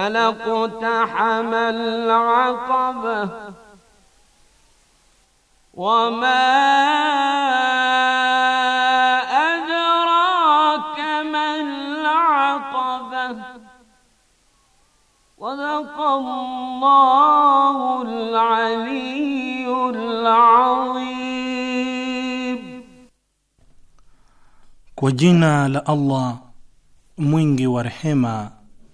فلقتحم العقبة وما أدراك ما العقبة وذق الله العلي العظيم kwa لألله la Allah wa rehema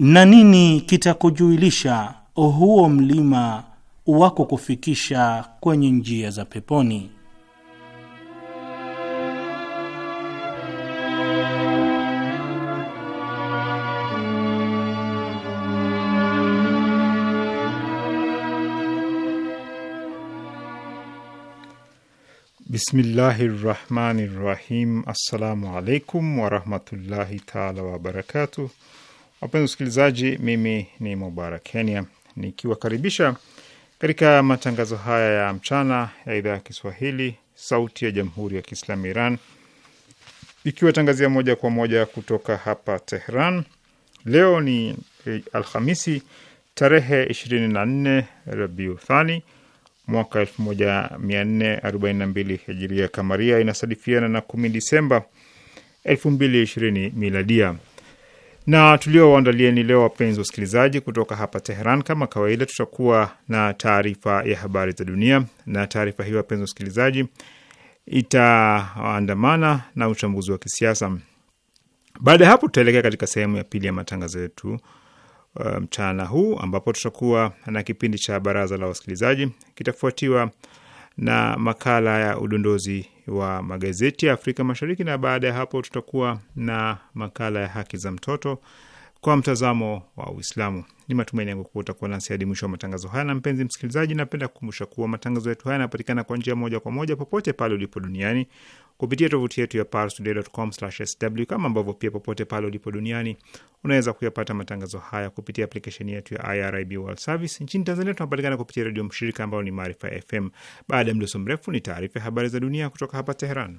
na nini kitakujuilisha huo mlima wako kufikisha kwenye njia za peponi? Bismillahi rahmani rahim. Assalamu alaikum warahmatullahi taala wabarakatuh. Wapenzi wasikilizaji, mimi ni Mubarak Kenya nikiwakaribisha katika matangazo haya ya mchana ya idhaa ya Kiswahili sauti ya jamhuri ya Kiislamu Iran ikiwatangazia moja kwa moja kutoka hapa Tehran. Leo ni e, Alhamisi tarehe 24 Rabiuthani mwaka 1442 hijiria kamaria, inasadifiana na 10 Disemba 2020 miladia na tulioandalieni leo, wapenzi wasikilizaji, kutoka hapa Teheran. Kama kawaida, tutakuwa na taarifa ya habari za dunia, na taarifa hiyo, wapenzi wasikilizaji, itaandamana na uchambuzi wa kisiasa. Baada ya hapo, tutaelekea katika sehemu ya pili ya matangazo yetu uh, mchana um, huu ambapo tutakuwa na kipindi cha baraza la wasikilizaji kitafuatiwa na makala ya udondozi wa magazeti ya Afrika Mashariki, na baada ya hapo tutakuwa na makala ya haki za mtoto kwa mtazamo wa Uislamu. Ni matumaini yangu kuwa utakuwa nasi hadi mwisho wa matangazo haya. Na mpenzi msikilizaji, napenda kukumbusha kuwa matangazo yetu haya yanapatikana kwa njia moja kwa moja popote pale ulipo duniani kupitia tovuti yetu ya parstoday.com/sw, kama ambavyo pia popote pale ulipo duniani unaweza kuyapata matangazo haya kupitia aplikesheni yetu ya IRIB World Service. Nchini Tanzania tunapatikana kupitia redio mshirika ambayo ni Maarifa FM. Baada ya mdoso mrefu, ni taarifa ya habari za dunia kutoka hapa Teheran.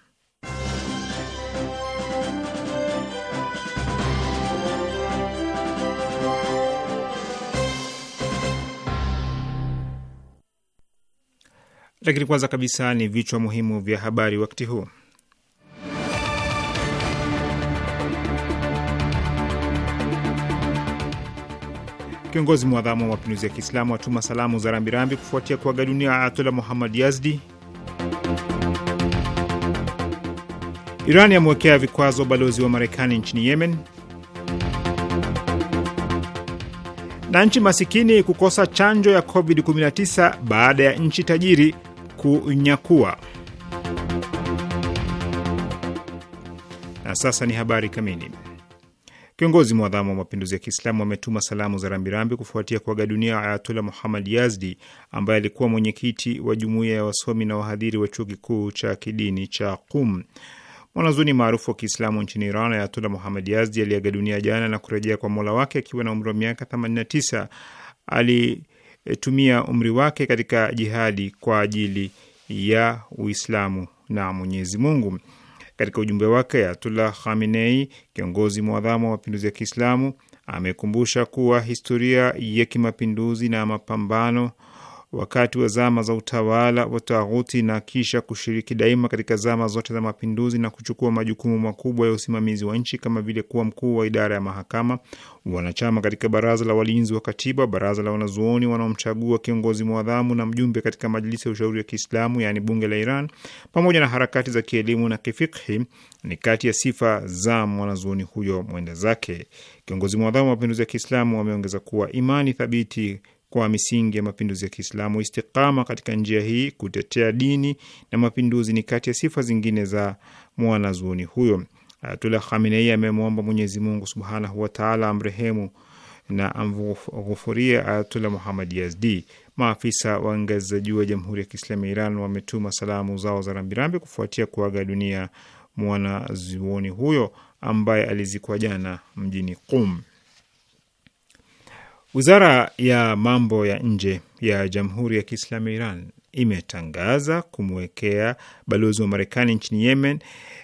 Lakini kwanza kabisa ni vichwa muhimu vya habari wakati huu. Kiongozi mwadhamu wa mapinduzi ya Kiislamu atuma salamu za rambirambi kufuatia kuaga dunia Ayatollah Muhammad Yazdi. Iran yamewekea vikwazo balozi wa Marekani nchini Yemen. Na nchi masikini kukosa chanjo ya COVID-19 baada ya nchi tajiri kunyakua. Na sasa ni habari kamili. Kiongozi mwadhamu wa mapinduzi ya Kiislamu ametuma salamu za rambirambi kufuatia kuaga dunia Ayatullah Muhammad Yazdi ambaye alikuwa mwenyekiti wa jumuiya ya wasomi na wahadhiri wa chuo kikuu cha kidini cha Qum. Mwanazuni maarufu wa Kiislamu nchini Iran, Ayatullah Muhammad Yazdi aliaga dunia jana na kurejea kwa Mola wake akiwa na umri wa miaka 89. Ali kutumia eh, umri wake katika jihadi kwa ajili ya Uislamu na Mwenyezi Mungu. Katika ujumbe wake, Ayatullah Khamenei, kiongozi mwadhamu wa mapinduzi ya Kiislamu, amekumbusha kuwa historia ya kimapinduzi na mapambano wakati wa zama za utawala wa taghuti na kisha kushiriki daima katika zama zote za mapinduzi na kuchukua majukumu makubwa ya usimamizi wa nchi kama vile kuwa mkuu wa idara ya mahakama, wanachama katika baraza la walinzi wa katiba, baraza la wanazuoni wanaomchagua kiongozi mwadhamu na mjumbe katika majlisi ya ushauri wa Kiislamu, yaani bunge la Iran, pamoja na harakati za kielimu na kifikhi, ni kati ya sifa za mwanazuoni huyo mwenda zake. Kiongozi mwadhamu wa mapinduzi ya Kiislamu ameongeza kuwa imani thabiti kwa misingi ya mapinduzi ya Kiislamu. Istikama katika njia hii, kutetea dini na mapinduzi, ni kati ya sifa zingine za mwanazuoni huyo. Ayatullah Khamenei amemwomba Mwenyezi Mungu subhanahu wataala amrehemu na amghufurie Ayatullah Muhammad Yazdi. Maafisa wa ngazi za juu wa Jamhuri ya Kiislamu ya Iran wametuma salamu zao za rambirambi kufuatia kuaga dunia mwanazuoni huyo ambaye alizikwa jana mjini Qum. Wizara ya mambo ya nje ya Jamhuri ya Kiislamu ya Iran imetangaza kumwekea balozi wa Marekani nchini Yemen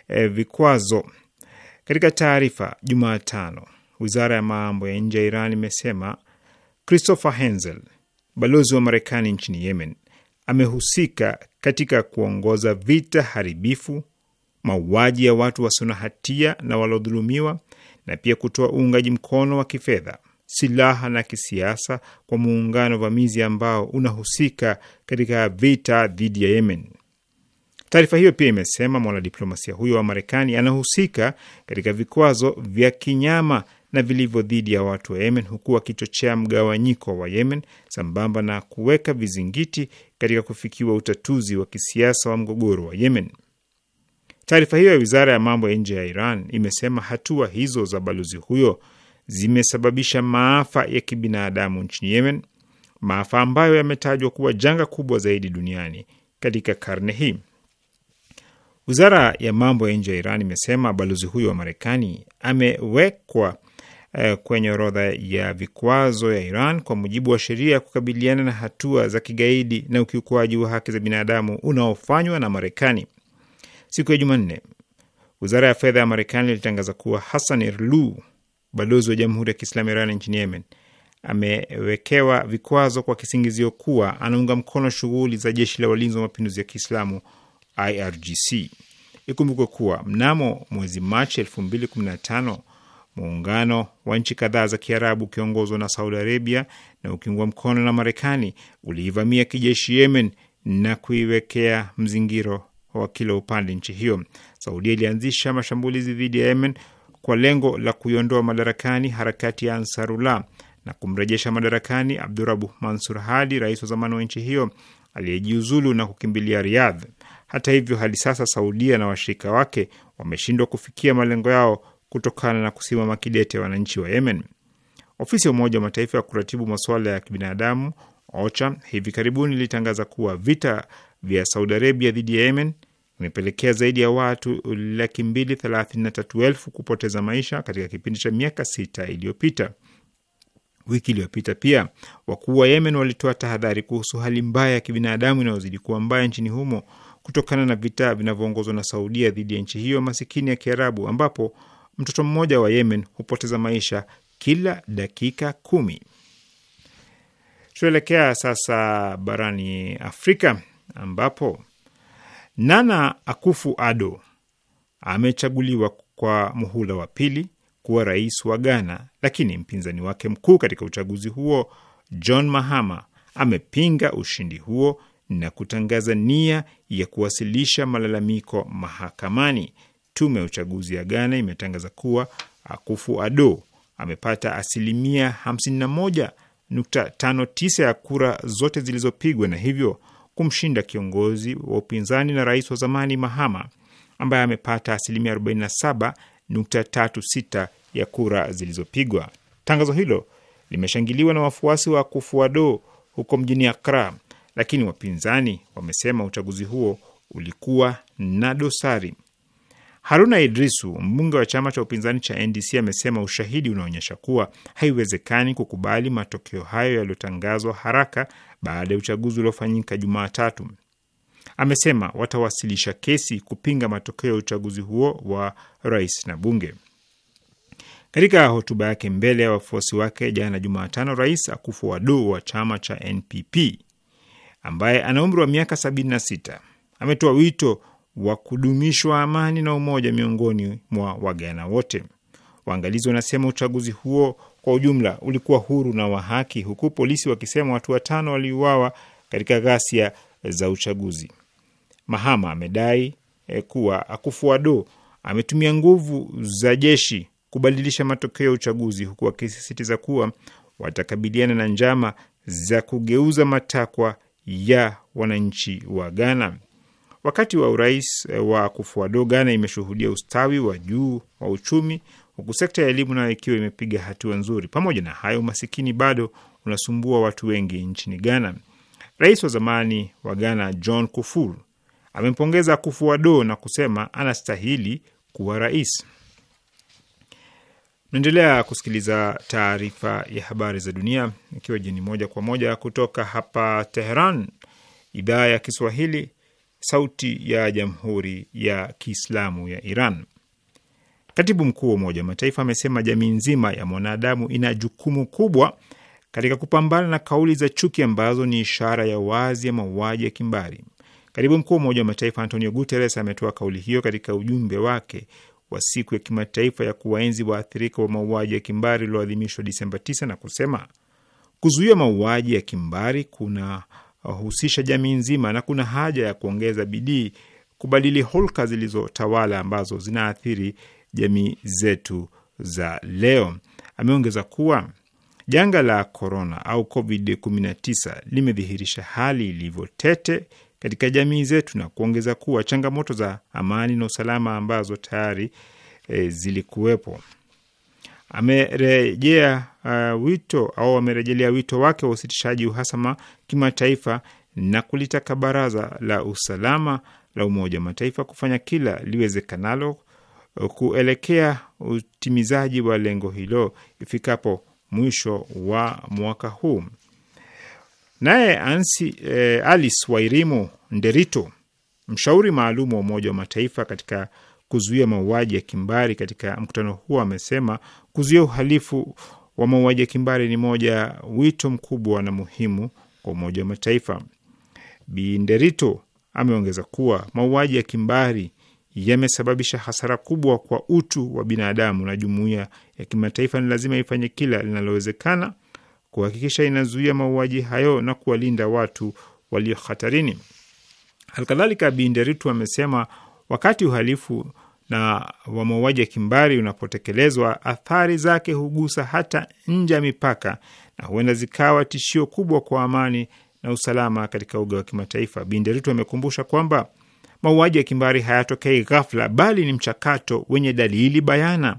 e, vikwazo. Katika taarifa Jumatano, wizara ya mambo ya nje ya Iran imesema Christopher Hensel, balozi wa Marekani nchini Yemen, amehusika katika kuongoza vita haribifu, mauaji ya watu wasio na hatia na walodhulumiwa, na pia kutoa uungaji mkono wa kifedha silaha na kisiasa kwa muungano vamizi ambao unahusika katika vita dhidi ya Yemen. Taarifa hiyo pia imesema mwanadiplomasia huyo wa Marekani anahusika katika vikwazo vya kinyama na vilivyo dhidi ya watu wa Yemen, huku akichochea mgawanyiko wa Yemen sambamba na kuweka vizingiti katika kufikiwa utatuzi wa kisiasa wa mgogoro wa Yemen. Taarifa hiyo ya wizara ya mambo ya nje ya Iran imesema hatua hizo za balozi huyo zimesababisha maafa ya kibinadamu nchini Yemen, maafa ambayo yametajwa kuwa janga kubwa zaidi duniani katika karne hii. Wizara ya mambo ya nje ya Iran imesema balozi huyo wa Marekani amewekwa eh, kwenye orodha ya vikwazo ya Iran kwa mujibu wa sheria ya kukabiliana na hatua za kigaidi na ukiukwaji wa haki za binadamu unaofanywa na Marekani. Siku ya Jumanne, wizara ya fedha ya Marekani ilitangaza kuwa Hassan Irluu balozi wa Jamhuri ya Kiislamu Iran nchini Yemen amewekewa vikwazo kwa kisingizio kuwa anaunga mkono shughuli za jeshi la walinzi wa mapinduzi ya Kiislamu IRGC. Ikumbukwe kuwa mnamo mwezi Machi 2015 muungano wa nchi kadhaa za Kiarabu ukiongozwa na Saudi Arabia na ukiungwa mkono na Marekani uliivamia kijeshi Yemen na kuiwekea mzingiro wa kila upande nchi hiyo. Saudia ilianzisha mashambulizi dhidi ya Yemen kwa lengo la kuiondoa madarakani harakati ya Ansarullah na kumrejesha madarakani Abdurabu Mansur Hadi, rais wa zamani wa nchi hiyo aliyejiuzulu na kukimbilia Riyadh. Hata hivyo, hadi sasa Saudia na washirika wake wameshindwa kufikia malengo yao kutokana na kusimama kidete wananchi wa Yemen. Ofisi ya Umoja wa Mataifa ya kuratibu masuala ya kibinadamu OCHA hivi karibuni ilitangaza kuwa vita vya Saudi Arabia dhidi ya Yemen imepelekea zaidi ya watu laki mbili thelathini na tatu elfu kupoteza maisha katika kipindi cha miaka sita iliyopita. Wiki iliyopita pia wakuu wa Yemen walitoa tahadhari kuhusu hali mbaya ya kibinadamu inayozidi kuwa mbaya nchini humo kutokana na vita vinavyoongozwa na Saudia dhidi ya nchi hiyo masikini ya Kiarabu, ambapo mtoto mmoja wa Yemen hupoteza maisha kila dakika kumi. Tuelekea sasa barani Afrika ambapo Nana akufu ado amechaguliwa kwa muhula wa pili kuwa rais wa Ghana, lakini mpinzani wake mkuu katika uchaguzi huo John Mahama amepinga ushindi huo na kutangaza nia ya kuwasilisha malalamiko mahakamani. Tume ya uchaguzi ya Ghana imetangaza kuwa akufu ado amepata asilimia 51.59 ya kura zote zilizopigwa na hivyo kumshinda kiongozi wa upinzani na rais wa zamani Mahama ambaye amepata asilimia 47.36 ya kura zilizopigwa. Tangazo hilo limeshangiliwa na wafuasi wa Kufuado huko mjini Akra, lakini wapinzani wamesema uchaguzi huo ulikuwa na dosari. Haruna Idrisu, mbunge wa chama cha upinzani cha NDC, amesema ushahidi unaonyesha kuwa haiwezekani kukubali matokeo hayo yaliyotangazwa haraka baada ya uchaguzi uliofanyika Jumatatu. Amesema watawasilisha kesi kupinga matokeo ya uchaguzi huo wa rais na bunge. Katika hotuba yake mbele ya wafuasi wake jana Jumatano, Rais Akufo-Addo wa chama cha NPP ambaye ana umri wa miaka 76 ametoa wito wa kudumishwa amani na umoja miongoni mwa wagana wote. Waangalizi wanasema uchaguzi huo kwa ujumla ulikuwa huru na wa haki, huku polisi wakisema watu watano waliuawa katika ghasia za uchaguzi. Mahama amedai eh, kuwa Akufo-Addo ametumia nguvu za jeshi kubadilisha matokeo ya uchaguzi, huku akisisitiza kuwa watakabiliana na njama za kugeuza matakwa ya wananchi wa Ghana. Wakati wa urais eh, wa Kufuado, Ghana imeshuhudia ustawi wa juu wa uchumi huku sekta ya elimu nayo ikiwa imepiga hatua nzuri. Pamoja na hayo, umasikini bado unasumbua watu wengi nchini Ghana. Rais wa zamani wa Ghana John Kufur amempongeza Kufuado na kusema anastahili kuwa rais. Naendelea kusikiliza taarifa ya habari za dunia, ikiwa jini moja kwa moja kutoka hapa Teheran, idhaa ya Kiswahili, sauti ya jamhuri ya Kiislamu ya Iran. Katibu mkuu wa Umoja wa Mataifa amesema jamii nzima ya mwanadamu ina jukumu kubwa katika kupambana na kauli za chuki ambazo ni ishara ya wazi ya mauaji ya kimbari. Katibu mkuu wa Umoja wa Mataifa Antonio Guterres ametoa kauli hiyo katika ujumbe wake wa siku ya kimataifa ya kuwaenzi waathirika wa mauaji ya kimbari ulioadhimishwa Disemba 9 na kusema kuzuia mauaji ya kimbari kuna husisha jamii nzima na kuna haja ya kuongeza bidii kubadili hulka zilizotawala ambazo zinaathiri jamii zetu za leo. Ameongeza kuwa janga la korona au COVID-19 limedhihirisha hali ilivyotete katika jamii zetu na kuongeza kuwa changamoto za amani na usalama ambazo tayari e, zilikuwepo amerejea uh, wito au amerejelea wito wake wa usitishaji uhasama kimataifa na kulitaka Baraza la Usalama la Umoja wa Mataifa kufanya kila liwezekanalo uh, kuelekea utimizaji wa lengo hilo ifikapo mwisho wa mwaka huu. Naye Ansi eh, Alice Wairimu Nderitu, mshauri maalum wa Umoja wa Mataifa katika kuzuia mauaji ya kimbari katika mkutano huo amesema kuzuia uhalifu wa mauaji ya kimbari ni moja wito mkubwa na muhimu kwa Umoja wa Mataifa. Binderito ameongeza kuwa mauaji ya kimbari yamesababisha hasara kubwa kwa utu wa binadamu na jumuiya ya kimataifa ni lazima ifanye kila linalowezekana kuhakikisha inazuia mauaji hayo na kuwalinda watu walio hatarini. Halikadhalika, Binderitu amesema Wakati uhalifu na wa mauaji ya kimbari unapotekelezwa, athari zake hugusa hata nje ya mipaka na huenda zikawa tishio kubwa kwa amani na usalama katika uga wa kimataifa. Binderutu amekumbusha kwamba mauaji ya kimbari hayatokei ghafla, bali ni mchakato wenye dalili bayana.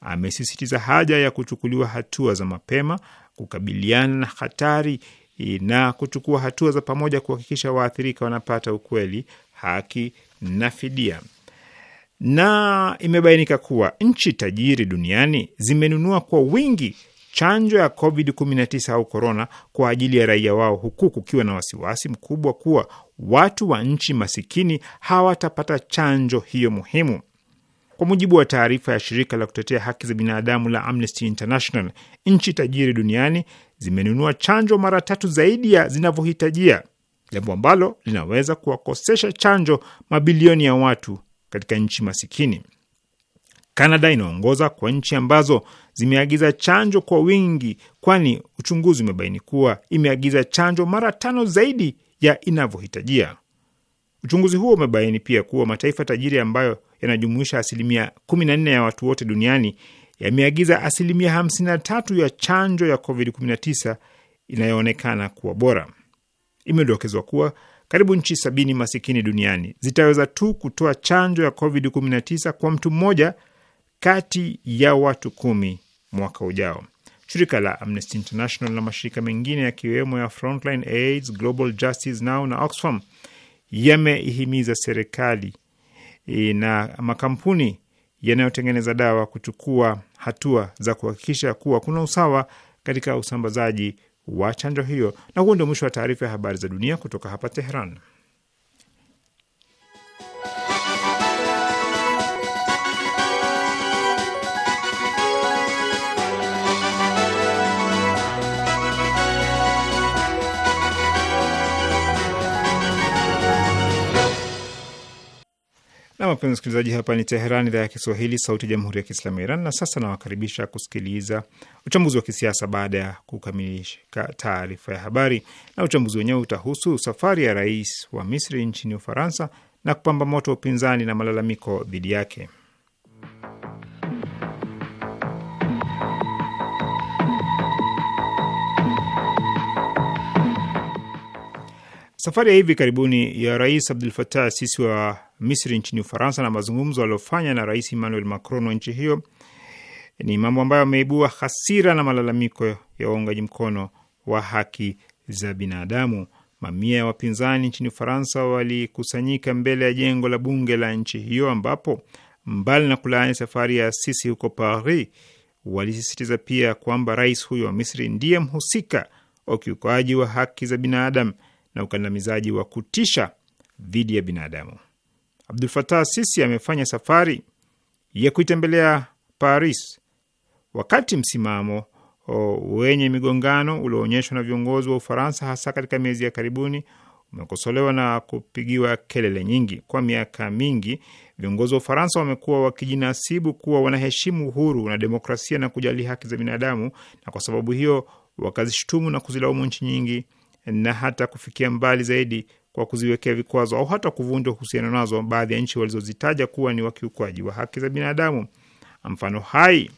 Amesisitiza haja ya kuchukuliwa hatua za mapema kukabiliana na hatari na kuchukua hatua za pamoja kuhakikisha waathirika wanapata ukweli, haki na fidia. Na imebainika kuwa nchi tajiri duniani zimenunua kwa wingi chanjo ya COVID-19 au korona kwa ajili ya raia wao, huku kukiwa na wasiwasi mkubwa kuwa watu wa nchi masikini hawatapata chanjo hiyo muhimu. Kwa mujibu wa taarifa ya shirika la kutetea haki za binadamu la Amnesty International, nchi tajiri duniani zimenunua chanjo mara tatu zaidi ya zinavyohitajia jambo ambalo linaweza kuwakosesha chanjo mabilioni ya watu katika nchi masikini. Kanada inaongoza kwa nchi ambazo zimeagiza chanjo kwa wingi, kwani uchunguzi umebaini kuwa imeagiza chanjo mara tano zaidi ya inavyohitajia. Uchunguzi huo umebaini pia kuwa mataifa tajiri ambayo yanajumuisha asilimia 14 ya watu wote duniani yameagiza asilimia 53 ya chanjo ya COVID-19 inayoonekana kuwa bora imedokezwa kuwa karibu nchi sabini masikini duniani zitaweza tu kutoa chanjo ya COVID-19 kwa mtu mmoja kati ya watu kumi mwaka ujao. Shirika la Amnesty International na mashirika mengine yakiwemo ya Frontline AIDS, Global Justice Now na Oxfam yameihimiza serikali e, na makampuni yanayotengeneza dawa kuchukua hatua za kuhakikisha kuwa kuna usawa katika usambazaji wa chanjo hiyo. Na huo ndio mwisho wa taarifa ya habari za dunia kutoka hapa teheran na wapenzi wasikilizaji, hapa ni Teheran, idhaa ya Kiswahili, sauti ya jamhuri ya kiislamu ya Iran. Na sasa nawakaribisha kusikiliza uchambuzi wa kisiasa baada ya kukamilisha taarifa ya habari, na uchambuzi wenyewe utahusu safari ya rais wa Misri nchini Ufaransa na kupamba moto upinzani na malalamiko dhidi yake. Safari ya hivi karibuni ya rais Abdul Fatah Sisi wa Misri nchini Ufaransa na mazungumzo aliyofanya na Rais Emmanuel Macron wa nchi hiyo ni mambo ambayo ameibua hasira na malalamiko ya waungaji mkono wa haki za binadamu. Mamia ya wapinzani nchini Ufaransa walikusanyika mbele ya jengo la bunge la nchi hiyo, ambapo mbali na kulaani safari ya Sisi huko Paris, walisisitiza pia kwamba rais huyo wa Misri ndiye mhusika wa ukiukaji wa haki za binadamu na ukandamizaji wa kutisha dhidi ya binadamu. Abdul Fatah Sisi amefanya safari ya kuitembelea Paris wakati msimamo o, wenye migongano ulioonyeshwa na viongozi wa Ufaransa hasa katika miezi ya karibuni umekosolewa na kupigiwa kelele nyingi. Kwa miaka mingi viongozi wa Ufaransa wamekuwa wakijinasibu kuwa wanaheshimu uhuru na demokrasia na kujali haki za binadamu, na kwa sababu hiyo wakazishutumu na kuzilaumu nchi nyingi na hata kufikia mbali zaidi kwa kuziwekea vikwazo au hata kuvunja uhusiano nazo baadhi ya nchi walizozitaja kuwa ni wakiukwaji wa haki za binadamu. Mfano hai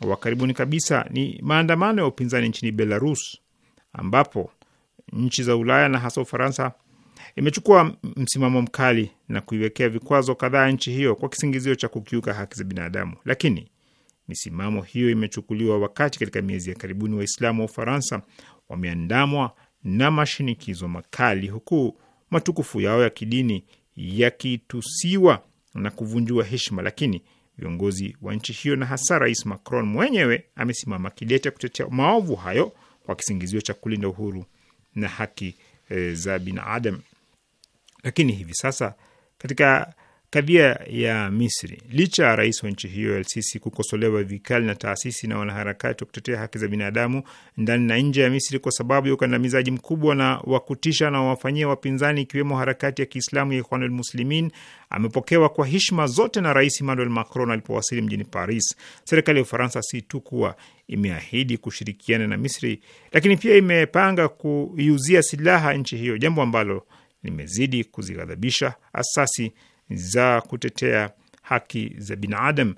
wa karibuni kabisa ni maandamano ya upinzani nchini Belarus, ambapo nchi za Ulaya na hasa Ufaransa imechukua msimamo mkali na kuiwekea vikwazo kadhaa nchi hiyo kwa kisingizio cha kukiuka haki za binadamu. Lakini misimamo hiyo imechukuliwa wakati katika miezi ya karibuni Waislamu wa Ufaransa wameandamwa na mashinikizo makali huku matukufu yao ya kidini yakitusiwa na kuvunjiwa heshima, lakini viongozi wa nchi hiyo na hasa Rais Macron mwenyewe amesimama kidete kutetea maovu hayo kwa kisingizio cha kulinda uhuru na haki e, za binadamu. Lakini hivi sasa katika Kadhia ya Misri, licha ya rais wa nchi hiyo El-Sisi kukosolewa vikali na taasisi na wanaharakati wa kutetea haki za binadamu ndani na nje ya Misri kwa sababu ya ukandamizaji mkubwa na wa kutisha na wafanyia wapinzani ikiwemo harakati ya Kiislamu ya Ikhwanul Muslimin, amepokewa kwa heshima zote na Rais Emmanuel Macron alipowasili mjini Paris. Serikali ya Ufaransa si tu kuwa imeahidi kushirikiana na Misri, lakini pia imepanga kuiuzia silaha nchi hiyo, jambo ambalo limezidi kuzighadhabisha asasi za kutetea haki za binadamu.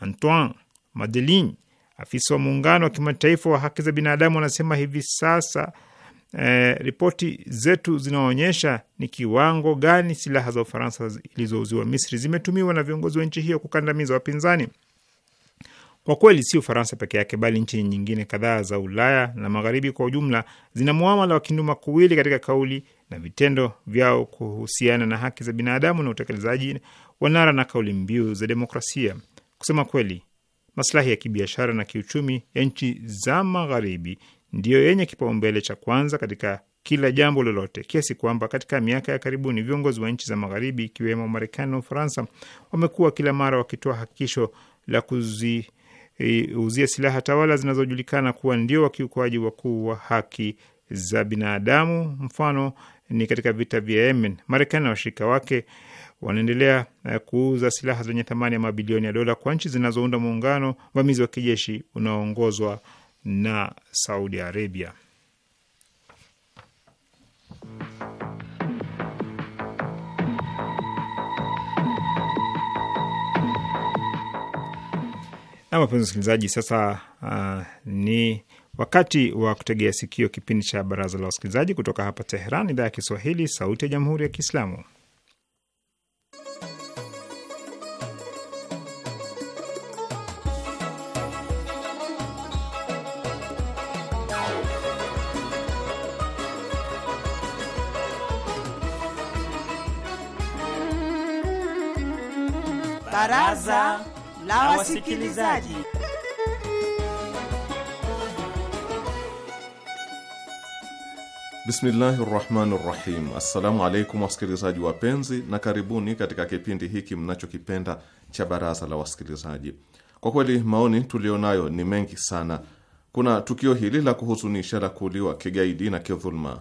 Antoine Madelin, afisa wa muungano wa kimataifa wa haki za binadamu, anasema hivi sasa e, ripoti zetu zinaonyesha ni kiwango gani silaha za Ufaransa zilizouziwa Misri zimetumiwa na viongozi wa nchi hiyo kukandamiza wapinzani. Kwa kweli si Ufaransa peke yake, bali nchi nyingine kadhaa za Ulaya na magharibi kwa ujumla zina muamala wa kinduma kuwili katika kauli na vitendo vyao kuhusiana na haki za binadamu na utekelezaji wa nara na kauli mbiu za demokrasia. Kusema kweli, maslahi ya kibiashara na kiuchumi ya nchi za Magharibi ndiyo yenye kipaumbele cha kwanza katika kila jambo lolote, kiasi kwamba katika miaka ya karibuni viongozi wa nchi za Magharibi ikiwemo Marekani na Ufaransa wamekuwa kila mara wakitoa hakikisho la kuziuzia eh, e, silaha tawala zinazojulikana kuwa ndio wakiukoaji wakuu wa haki za binadamu. Mfano ni katika vita vya Yemen, Marekani na washirika wake wanaendelea eh, kuuza silaha zenye thamani ya mabilioni ya dola kwa nchi zinazounda muungano vamizi wa kijeshi unaoongozwa na Saudi Arabia. Na wapenzi wasikilizaji, sasa uh, ni wakati wa kutegea sikio kipindi cha baraza la wasikilizaji kutoka hapa Teheran, idhaa ya Kiswahili, sauti ya jamhuri ya Kiislamu. Baraza la wasikilizaji. Bismillahi rahmani rahim. Assalamu alaikum wasikilizaji wapenzi, na karibuni katika kipindi hiki mnachokipenda cha baraza la wasikilizaji. Kwa kweli maoni tuliyonayo ni mengi sana. Kuna tukio hili la kuhuzunisha la kuuliwa kigaidi na kidhulma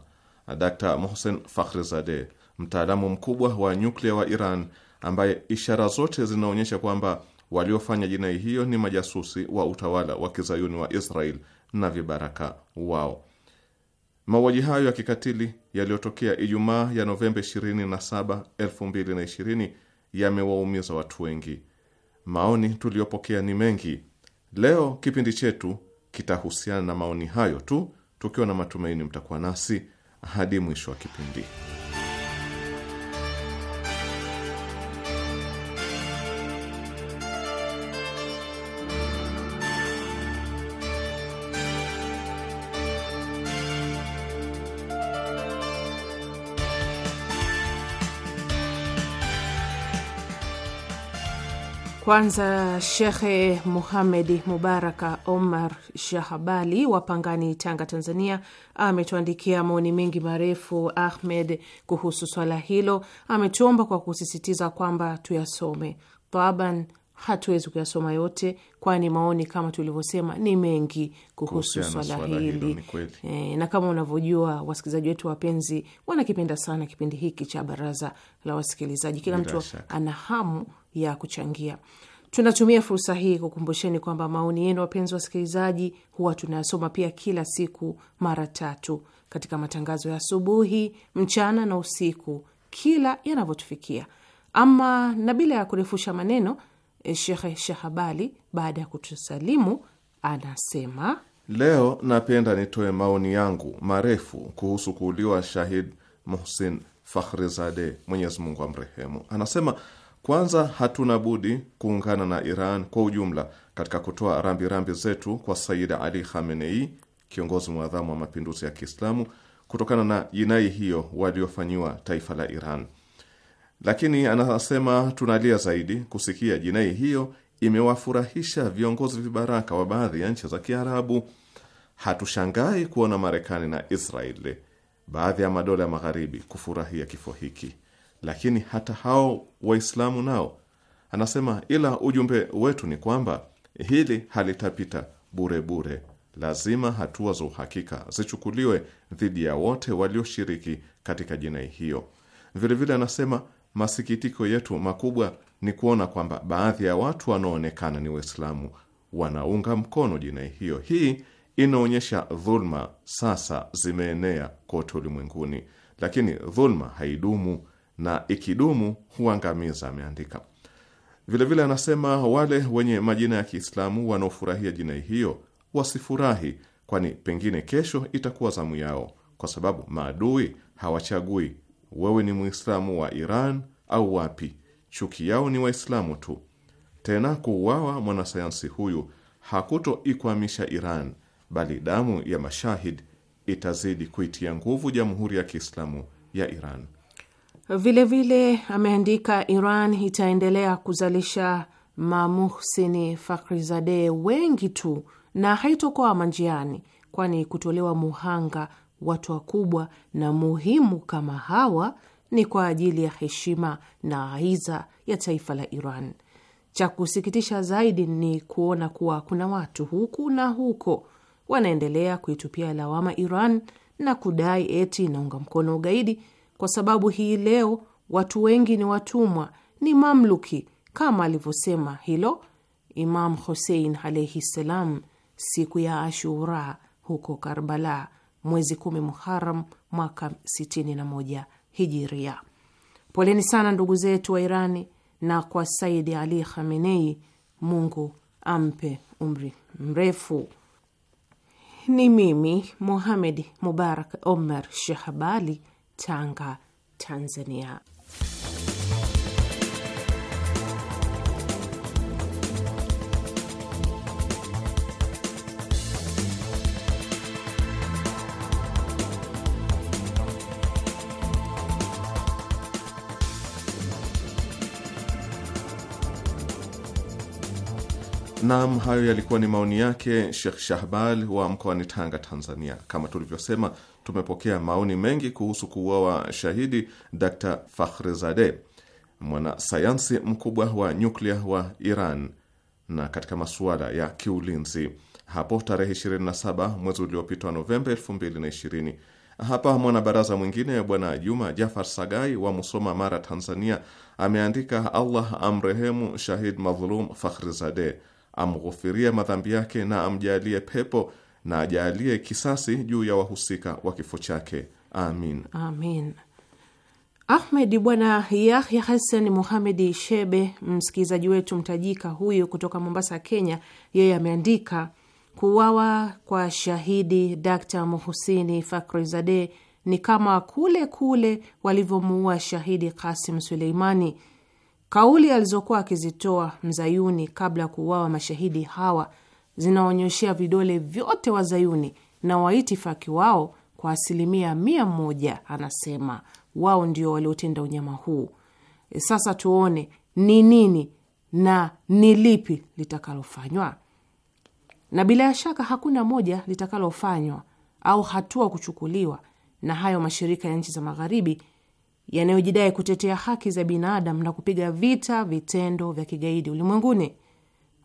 Dr Mohsen Fakhrizadeh, mtaalamu mkubwa wa nyuklia wa Iran, ambaye ishara zote zinaonyesha kwamba waliofanya jinai hiyo ni majasusi wa utawala wa kizayuni wa Israel na vibaraka wao. Mauaji hayo ya kikatili yaliyotokea Ijumaa ya Novemba 27, 2020 yamewaumiza watu wengi. Maoni tuliyopokea ni mengi. Leo kipindi chetu kitahusiana na maoni hayo tu, tukiwa na matumaini mtakuwa nasi hadi mwisho wa kipindi. Kwanza Shekhe Muhamedi Mubaraka Omar Shahabali wa Pangani, Tanga, Tanzania, ametuandikia maoni mengi marefu Ahmed kuhusu swala hilo. Ametuomba kwa kusisitiza kwamba tuyasome taban hatuwezi kuyasoma yote, kwani maoni kama tulivyosema ni mengi kuhusu swala hili e, na kama unavyojua wasikilizaji wetu wapenzi wanakipenda sana kipindi hiki cha baraza la wasikilizaji. Kila mtu ana hamu ya kuchangia. Tunatumia fursa hii kukumbusheni kwamba maoni yenu, wapenzi wasikilizaji, huwa tunayasoma pia kila siku mara tatu katika matangazo ya asubuhi, mchana na usiku, kila yanavyotufikia. Ama na bila ya kurefusha maneno Eh, Shekhe Shahabali baada ya kutusalimu anasema leo napenda nitoe maoni yangu marefu kuhusu kuuliwa Shahid Muhsin Fakhrizade, Mwenyezi Mungu amrehemu. Anasema kwanza, hatuna budi kuungana na Iran kwa ujumla katika kutoa rambirambi zetu kwa Sayyid Ali Khamenei, kiongozi mwadhamu wa mapinduzi ya Kiislamu, kutokana na jinai hiyo waliofanyiwa taifa la Iran lakini anasema tunalia zaidi kusikia jinai hiyo imewafurahisha viongozi vibaraka wa baadhi ya nchi za Kiarabu. Hatushangai kuona Marekani na Israeli, baadhi ya madola ya magharibi kufurahia kifo hiki, lakini hata hao Waislamu nao anasema, ila ujumbe wetu ni kwamba hili halitapita bure bure, lazima hatua za uhakika zichukuliwe dhidi ya wote walioshiriki katika jinai hiyo. Vilevile anasema masikitiko yetu makubwa ni kuona kwamba baadhi ya watu wanaoonekana ni Waislamu wanaunga mkono jinai hiyo. Hii inaonyesha dhulma sasa zimeenea kote ulimwenguni, lakini dhulma haidumu, na ikidumu huangamiza, ameandika. Vilevile anasema wale wenye majina ya Kiislamu wanaofurahia jinai hiyo wasifurahi, kwani pengine kesho itakuwa zamu yao, kwa sababu maadui hawachagui wewe ni Mwislamu wa Iran au wapi? Chuki yao ni Waislamu tu. Tena kuuawa mwanasayansi huyu hakutoikwamisha Iran, bali damu ya mashahid itazidi kuitia nguvu Jamhuri ya Kiislamu ya Iran. Vilevile vile, ameandika Iran itaendelea kuzalisha Mamuhsini Fakhrizadeh wengi tu na haitokoa manjiani kwani kutolewa muhanga watu wakubwa na muhimu kama hawa ni kwa ajili ya heshima na aiza ya taifa la Iran. Cha kusikitisha zaidi ni kuona kuwa kuna watu huku na huko wanaendelea kuitupia lawama Iran na kudai eti inaunga mkono ugaidi, kwa sababu hii leo watu wengi ni watumwa, ni mamluki, kama alivyosema hilo Imam husein alaihi ssalam siku ya Ashura huko Karbala mwezi kumi Muharam mwaka moja Hijiria. Poleni sana ndugu zetu wa Irani na kwa Saidi Ali Khamenei, Mungu ampe umri mrefu. Ni mimi muhamed Mubarak Omar Shahabali, Tanga, Tanzania. Naam, hayo yalikuwa ni maoni yake shekh Shahbal wa mkoani Tanga, Tanzania. Kama tulivyosema, tumepokea maoni mengi kuhusu kuuawa shahidi Dr. Fakhrizadeh, mwanasayansi mkubwa wa nyuklia wa Iran na katika masuala ya kiulinzi hapo tarehe 27 mwezi uliopita wa Novemba 2020. Hapa mwanabaraza mwingine Bwana Juma Jafar Sagai wa Musoma, Mara, Tanzania ameandika, Allah amrehemu shahid madhulum Fakhrizadeh amghufirie madhambi yake na amjalie pepo na ajalie kisasi juu ya wahusika wa kifo chake. Amin, amin. Ahmed Bwana Yahya Hasan Muhamedi Shebe, msikilizaji wetu mtajika huyu kutoka Mombasa, Kenya, yeye ameandika kuwawa kwa shahidi Dakta Muhusini Fakhrizadeh ni kama kule kule walivyomuua shahidi Kasim Suleimani. Kauli alizokuwa akizitoa mzayuni kabla ya kuuawa mashahidi hawa zinaonyeshea vidole vyote wazayuni na waitifaki wao kwa asilimia mia moja. Anasema wao ndio waliotenda unyama huu. E, sasa tuone ni nini na ni lipi litakalofanywa, na bila ya shaka hakuna moja litakalofanywa au hatua kuchukuliwa na hayo mashirika ya nchi za magharibi yanayojidai kutetea haki za binadamu na kupiga vita vitendo vya kigaidi ulimwenguni.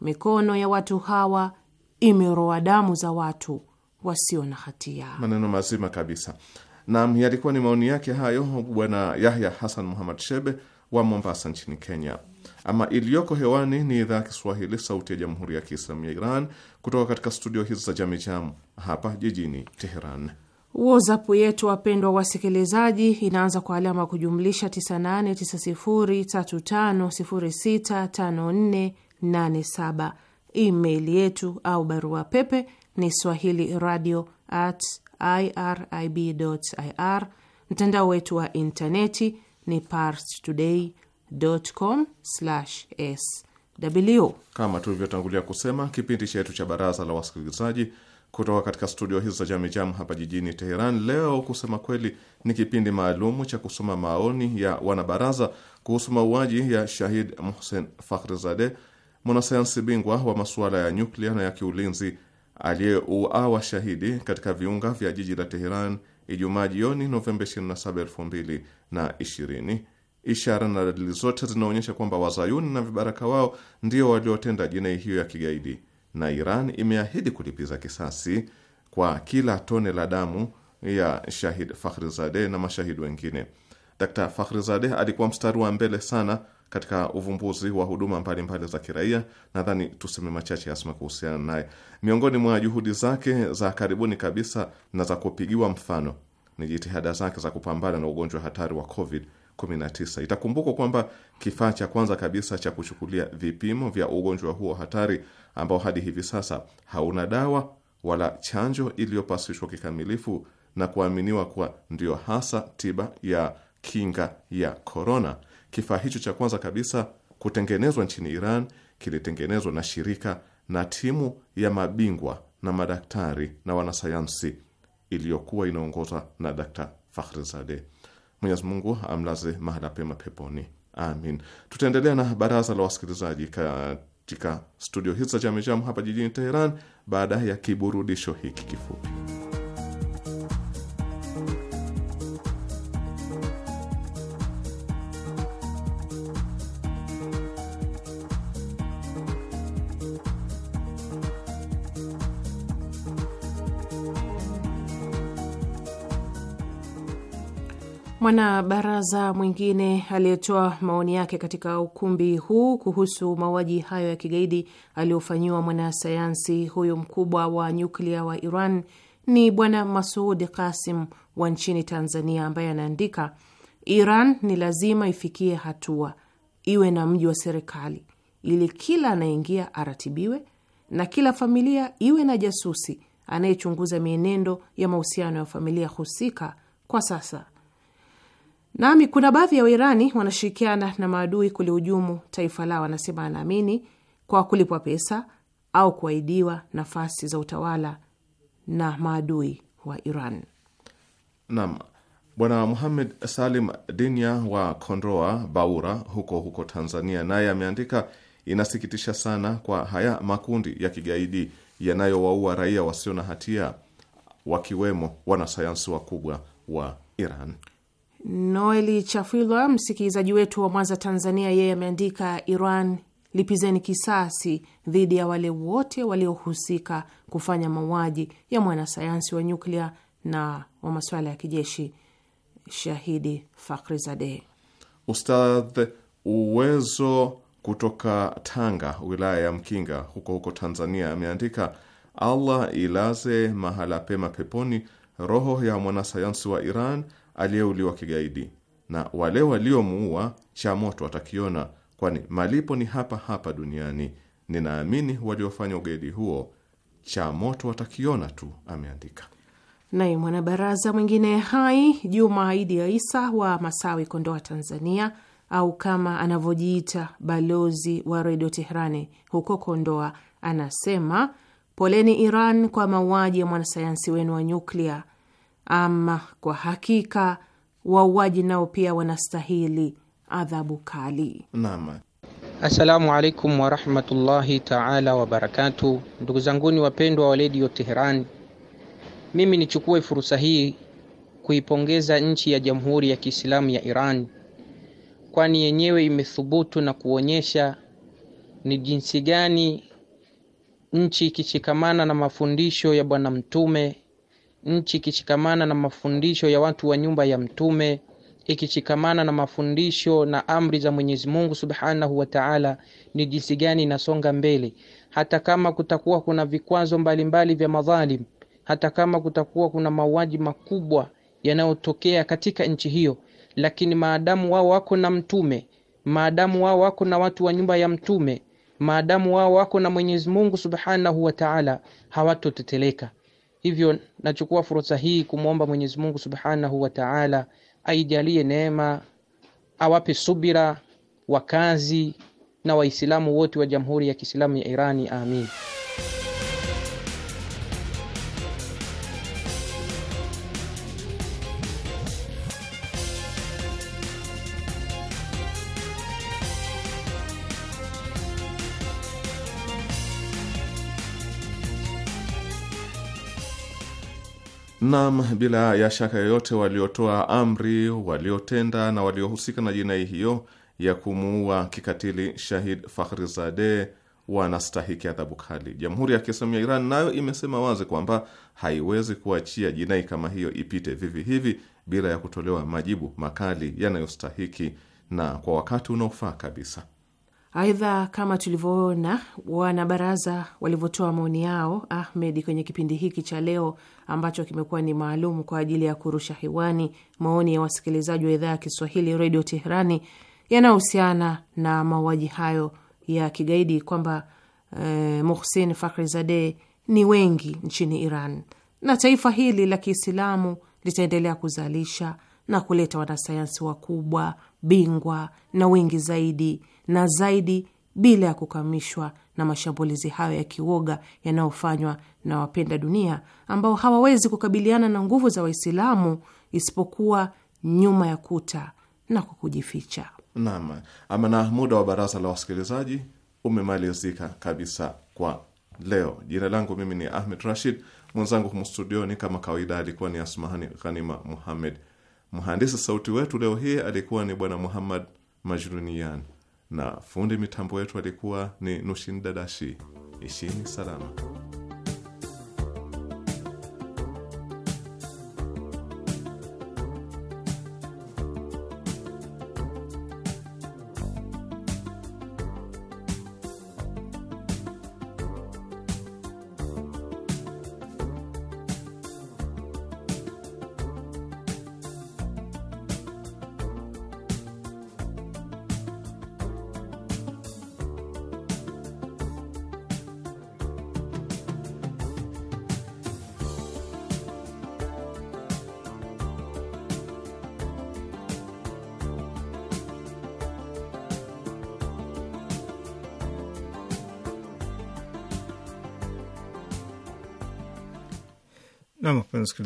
Mikono ya watu hawa imeroa damu za watu wasio na hatia. Maneno mazima kabisa. Nam, yalikuwa ni maoni yake hayo Bwana Yahya Hasan Muhammad Shebe wa Mombasa nchini Kenya. Ama iliyoko hewani ni idhaa ya Kiswahili, Sauti ya Jamhuri ya Kiislamu ya Iran, kutoka katika studio hizi za Jamijamu hapa jijini Teheran. WhatsApp yetu wapendwa wasikilizaji, inaanza kwa alama kujumlisha 989035065487. Email yetu au barua pepe ni swahili radio at irib ir. Mtandao wetu wa intaneti ni Pars com sw. Kama tulivyotangulia kusema, kipindi chetu cha baraza la wasikilizaji kutoka katika studio hizo za Jamijam hapa jijini Teheran. Leo kusema kweli, ni kipindi maalumu cha kusoma maoni ya wanabaraza kuhusu mauaji ya Shahid Mohsen Fakhrizade, mwanasayansi bingwa wa masuala ya nyuklia na ya kiulinzi aliyeuawa shahidi katika viunga vya jiji la Teheran Ijumaa jioni Novemba 27, 2020. Ishara na dalili zote zinaonyesha kwamba wazayuni na vibaraka wao ndio waliotenda jinai hiyo ya kigaidi na Iran imeahidi kulipiza kisasi kwa kila tone la damu ya Shahid Fakhrizadeh na mashahidi wengine. Dr. Fakhrizadeh alikuwa mstari wa mbele sana katika uvumbuzi wa huduma mbalimbali za kiraia. Nadhani tuseme machache Asma kuhusiana naye. Miongoni mwa juhudi zake za karibuni kabisa na za kupigiwa mfano ni jitihada zake za kupambana na ugonjwa hatari wa COVID 19. Itakumbukwa kwamba kifaa cha kwanza kabisa cha kuchukulia vipimo vya ugonjwa huo hatari ambao hadi hivi sasa hauna dawa wala chanjo iliyopasishwa kikamilifu na kuaminiwa kuwa ndiyo hasa tiba ya kinga ya korona. Kifaa hicho cha kwanza kabisa kutengenezwa nchini Iran kilitengenezwa na shirika na timu ya mabingwa na madaktari na wanasayansi iliyokuwa inaongozwa na Dr. Fakhrizadeh. Mwenyezi Mungu amlaze mahala pema peponi, amin. Tutaendelea na baraza la wasikilizaji katika studio hizi za Jamejam hapa jijini Teheran baada ya kiburudisho hiki kifupi. Mwanabaraza mwingine aliyetoa maoni yake katika ukumbi huu kuhusu mauaji hayo ya kigaidi aliyofanyiwa mwanasayansi huyu mkubwa wa nyuklia wa Iran ni Bwana Masud Kasim wa nchini Tanzania, ambaye anaandika, Iran ni lazima ifikie hatua iwe na mji wa serikali ili kila anayeingia aratibiwe na kila familia iwe na jasusi anayechunguza mienendo ya mahusiano ya familia husika. Kwa sasa Nami kuna baadhi ya Wairani wanashirikiana na maadui kulihujumu taifa lao, anasema anaamini, kwa kulipwa pesa au kuahidiwa nafasi za utawala na maadui wa Iran. Naam. Bwana Muhamed Salim Dinya wa Kondoa Baura huko huko Tanzania naye ameandika, inasikitisha sana kwa haya makundi ya kigaidi yanayowaua raia wasio na hatia wakiwemo wanasayansi wakubwa wa Iran. Noeli Chafilwa, msikilizaji wetu wa Mwanza, Tanzania, yeye ameandika Iran lipizeni kisasi dhidi ya wale wote waliohusika kufanya mauaji ya mwanasayansi wa nyuklia na wa masuala ya kijeshi shahidi Fakhrizadeh. Ustadh Uwezo kutoka Tanga, wilaya ya Mkinga, huko huko Tanzania, ameandika Allah ilaze mahala pema peponi roho ya mwanasayansi wa Iran aliyeuliwa kigaidi, na wale waliomuua cha moto watakiona, kwani malipo ni hapa hapa duniani. Ninaamini waliofanya ugaidi huo cha moto watakiona tu, ameandika. Naye mwanabaraza mwingine hai Juma Idi ya Isa wa Masawi, Kondoa, Tanzania, au kama anavyojiita balozi wa Redio Teherani huko Kondoa, anasema poleni Iran kwa mauaji ya mwanasayansi wenu wa nyuklia. Ama kwa hakika wauaji nao pia wanastahili adhabu kali. Naam. Assalamu alaikum warahmatullahi taala wabarakatu, ndugu zanguni wapendwa wa redio Teheran, mimi nichukue fursa hii kuipongeza nchi ya Jamhuri ya Kiislamu ya Iran, kwani yenyewe imethubutu na kuonyesha ni jinsi gani nchi ikishikamana na mafundisho ya Bwana Mtume nchi ikishikamana na mafundisho ya watu wa nyumba ya Mtume, ikishikamana na mafundisho na amri za Mwenyezi Mungu Subhanahu wa Ta'ala, ni jinsi gani inasonga mbele, hata kama kutakuwa kuna vikwazo mbalimbali vya madhalim, hata kama kutakuwa kuna mauaji makubwa yanayotokea katika nchi hiyo, lakini maadamu wao wako na Mtume, maadamu wao wako na watu wa nyumba ya Mtume, maadamu wao wako na Mwenyezi Mungu Subhanahu wa Ta'ala, hawatoteteleka. Hivyo nachukua fursa hii kumwomba Mwenyezi Mungu Subhanahu wa Ta'ala aijalie neema, awape subira wakazi na Waislamu wote wa Jamhuri ya Kiislamu ya Irani. Amin. Naam, bila ya shaka yoyote, waliotoa amri, waliotenda na waliohusika na jinai hiyo ya kumuua kikatili Shahid zade wanastahiki adhabu kali. Jamhuri ya Kiislamu ya Iran nayo imesema wazi kwamba haiwezi kuachia jinai kama hiyo ipite vivi hivi bila ya kutolewa majibu makali yanayostahiki na kwa wakati unaofaa kabisa. Aidha, kama tulivyoona wanabaraza walivyotoa maoni yao, Ahmed, kwenye kipindi hiki cha leo ambacho kimekuwa ni maalum kwa ajili ya kurusha hewani maoni ya wasikilizaji wa idhaa ya Kiswahili Redio Teherani yanayohusiana na mauaji hayo ya kigaidi kwamba eh, Muhsin zade ni wengi nchini Iran na taifa hili la Kiislamu litaendelea kuzalisha na kuleta wanasayansi wakubwa, bingwa na wengi zaidi na zaidi bila ya kukamishwa na mashambulizi hayo ya kiwoga yanayofanywa na wapenda dunia ambao hawawezi kukabiliana na nguvu za Waislamu isipokuwa nyuma ya kuta na kwa kujificha. Naam, ama na muda wa baraza la wasikilizaji umemalizika kabisa kwa leo. Jina langu mimi ni Ahmed Rashid, mwenzangu humu studioni kama kawaida alikuwa ni Asmahani Ghanima Muhammed. Mhandisi sauti wetu leo hii alikuwa ni Bwana Muhammad Majlunian na fundi mitambo yetu alikuwa ni Nushin Dadashi. Ishini salama.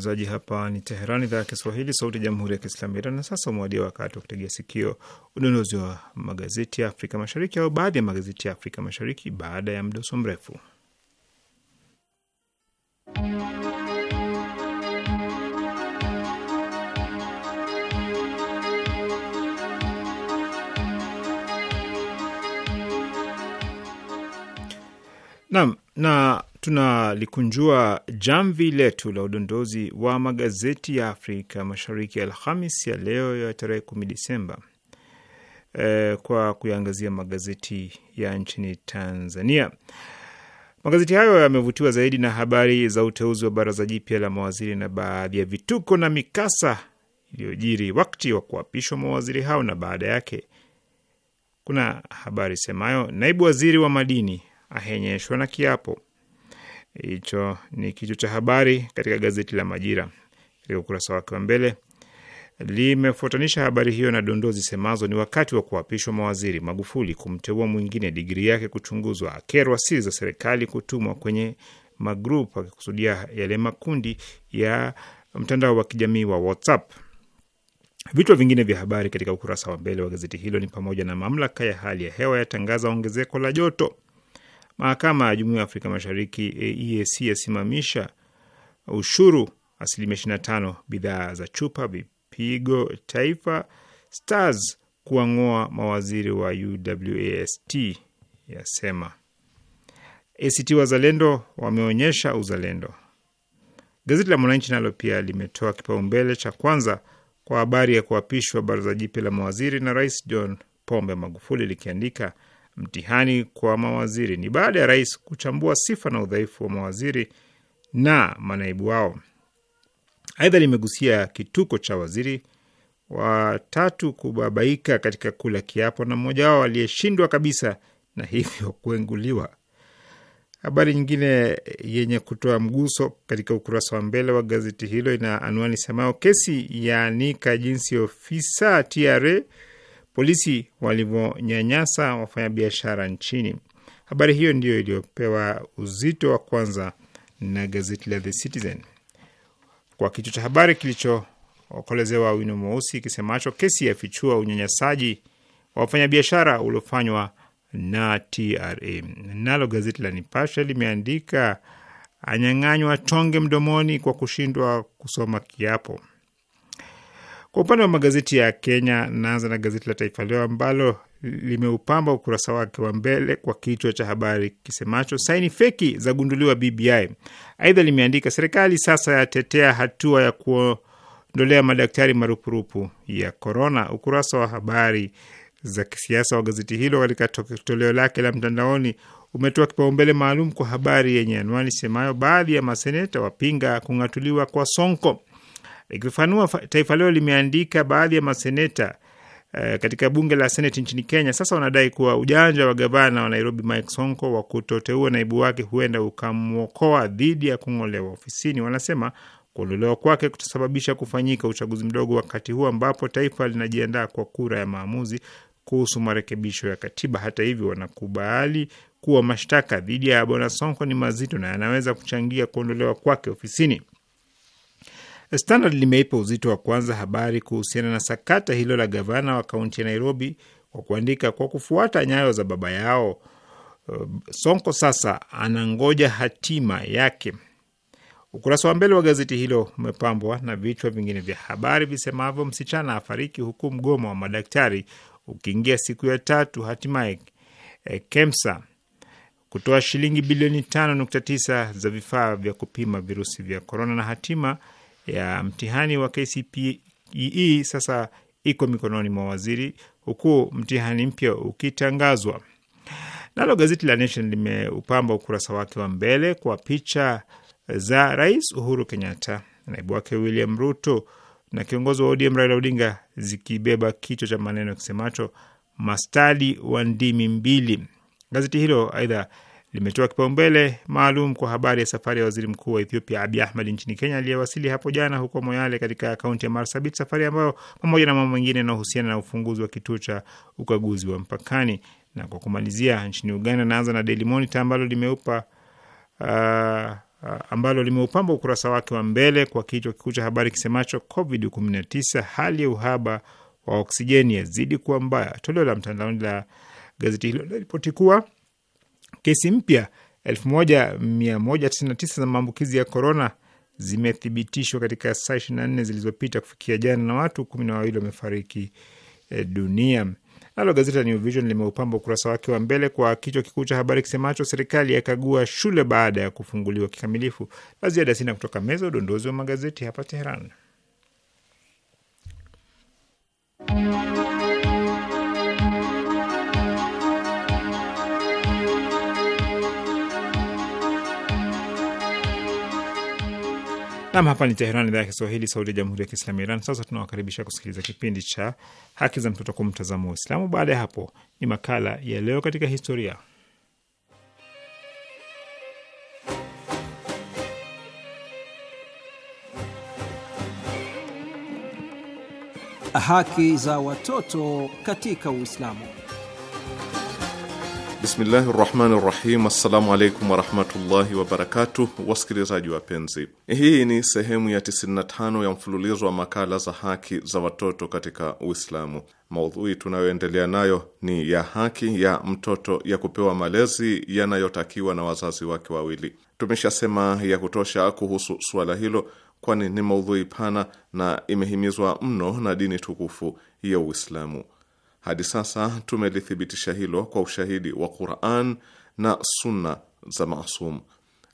msikilizaji, hapa ni Teheran, idhaa ya Kiswahili, sauti ya jamhuri ya kiislamu Iran. Na sasa umewadia wakati wa kutegea sikio udondozi wa magazeti ya Afrika Mashariki au baadhi ya magazeti ya Afrika Mashariki baada ya mdoso mrefu tunalikunjua jamvi letu la udondozi wa magazeti ya Afrika Mashariki Alhamis ya leo ya tarehe kumi Disemba e, kwa kuyaangazia magazeti ya nchini Tanzania. Magazeti hayo yamevutiwa zaidi na habari za uteuzi wa baraza jipya la mawaziri na baadhi ya vituko na mikasa iliyojiri wakati wa kuapishwa mawaziri hao na baada yake. Kuna habari semayo naibu waziri wa madini ahenyeshwa na kiapo Hicho ni kichwa cha habari katika gazeti la Majira. Katika ukurasa wake wa mbele limefuatanisha habari hiyo na dondoo zisemazo: ni wakati wa kuapishwa mawaziri, Magufuli kumteua mwingine, digrii yake kuchunguzwa, akerwa siri za serikali kutumwa kwenye magrupu, akikusudia yale makundi ya mtandao wa kijamii wa WhatsApp. Vichwa vingine vya habari katika ukurasa wa mbele wa gazeti hilo ni pamoja na mamlaka ya hali ya hewa yatangaza ongezeko la joto Mahakama ya Jumuiya ya Afrika Mashariki EAC e yasimamisha ushuru asilimia 25 bidhaa za chupa. Vipigo Taifa Stars kuwang'oa mawaziri wa UWAST yasema. ACT Wazalendo wameonyesha uzalendo. Gazeti la Mwananchi nalo pia limetoa kipaumbele cha kwanza kwa habari ya kuapishwa baraza jipya la mawaziri na Rais John Pombe Magufuli likiandika mtihani kwa mawaziri ni baada ya rais kuchambua sifa na udhaifu wa mawaziri na manaibu wao. Aidha, limegusia kituko cha waziri watatu kubabaika katika kula kiapo na mmoja wao aliyeshindwa kabisa na hivyo kuenguliwa. Habari nyingine yenye kutoa mguso katika ukurasa wa mbele wa gazeti hilo ina anwani semayo kesi yaanika jinsi ofisa TRA polisi walivyonyanyasa wafanyabiashara nchini. Habari hiyo ndiyo iliyopewa uzito wa kwanza na gazeti la The Citizen kwa kichwa cha habari kilichookolezewa wino mweusi kisemacho kesi yafichua unyanyasaji wa wafanyabiashara uliofanywa na TRA. Nalo gazeti la Nipashe limeandika anyang'anywa tonge mdomoni kwa kushindwa kusoma kiapo. Kwa upande wa magazeti ya Kenya, naanza na gazeti la Taifa Leo ambalo limeupamba ukurasa wake wa mbele kwa kichwa cha habari kisemacho saini feki za gunduliwa BBI. Aidha limeandika serikali sasa yatetea hatua ya kuondolea madaktari marupurupu ya korona. Ukurasa wa habari za kisiasa wa gazeti hilo katika toleo lake la mtandaoni umetoa kipaumbele maalum kwa habari yenye anwani semayo baadhi ya maseneta wapinga kung'atuliwa kwa Sonko. Ikifafanua, Taifa Leo limeandika baadhi ya maseneta uh, katika bunge la seneti nchini Kenya sasa wanadai kuwa ujanja wa gavana wa Nairobi Mike Sonko wa kutoteua naibu wake huenda ukamwokoa dhidi ya kung'olewa ofisini. Wanasema kuondolewa kwake kutasababisha kufanyika uchaguzi mdogo wakati huu ambapo taifa linajiandaa kwa kura ya maamuzi kuhusu marekebisho ya katiba. Hata hivyo, wanakubali kuwa mashtaka dhidi ya bwana Sonko ni mazito na yanaweza kuchangia kuondolewa kwake ofisini. Standard limeipa uzito wa kwanza habari kuhusiana na sakata hilo la gavana wa kaunti ya Nairobi kwa kuandika, kwa kufuata nyayo za baba yao uh, Sonko sasa anangoja hatima yake. Ukurasa wa mbele wa gazeti hilo umepambwa na vichwa vingine vya habari visemavyo, msichana afariki huku mgomo wa madaktari ukiingia siku ya tatu, hatimaye eh, KEMSA kutoa shilingi bilioni 5.9 za vifaa vya kupima virusi vya korona, na hatima ya mtihani wa KCPE sasa iko mikononi mwa waziri, huku mtihani mpya ukitangazwa. Nalo gazeti la Nation limeupamba ukurasa wake wa mbele kwa picha za Rais Uhuru Kenyatta, naibu wake William Ruto na kiongozi wa ODM Raila Odinga, zikibeba kichwa cha maneno kisemacho mastadi wa ndimi mbili. Gazeti hilo aidha limetoa kipaumbele maalum kwa habari ya safari ya waziri mkuu wa Ethiopia Abiy Ahmed nchini Kenya aliyewasili hapo jana huko Moyale katika kaunti ya Marsabit, safari ambayo pamoja na mambo mengine yanayohusiana na ufunguzi wa kituo cha ukaguzi wa mpakani. Na kwa kumalizia, nchini Uganda, naanza na Daily Monitor ambalo limeupa uh, uh ambalo limeupamba ukurasa wake wa mbele kwa kichwa kikuu cha habari kisemacho COVID-19 hali ya uhaba wa oksijeni yazidi kuwa mbaya. Toleo la mtandaoni la gazeti hilo linaripoti kuwa Kesi mpya 1199 za maambukizi ya korona zimethibitishwa katika saa 24 zilizopita kufikia jana, na watu kumi na wawili wamefariki e, dunia. Nalo gazeti la New Vision limeupamba ukurasa wake wa mbele kwa kichwa kikuu cha habari kisemacho serikali yakagua shule baada ya kufunguliwa kikamilifu. La ziada sina kutoka meza udondozi wa magazeti hapa Teheran. Nam, hapa ni Teheran, idhaa ya Kiswahili, sauti ya jamhuri ya kiislamu ya Iran. Sasa tunawakaribisha kusikiliza kipindi cha haki za mtoto kwa mtazamo wa Uislamu. Baada ya hapo ni makala ya leo katika historia. Haki za watoto katika Uislamu. Bismillahi rahmani rahim. Assalamu alaikum warahmatullahi wabarakatuh. Wasikilizaji wapenzi, hii ni sehemu ya 95 ya mfululizo wa makala za haki za watoto katika Uislamu. Maudhui tunayoendelea nayo ni ya haki ya mtoto ya kupewa malezi yanayotakiwa na wazazi wake wawili. Tumeshasema ya kutosha kuhusu suala hilo, kwani ni maudhui pana na imehimizwa mno na dini tukufu ya Uislamu. Hadi sasa tumelithibitisha hilo kwa ushahidi wa Quran na sunna za masum,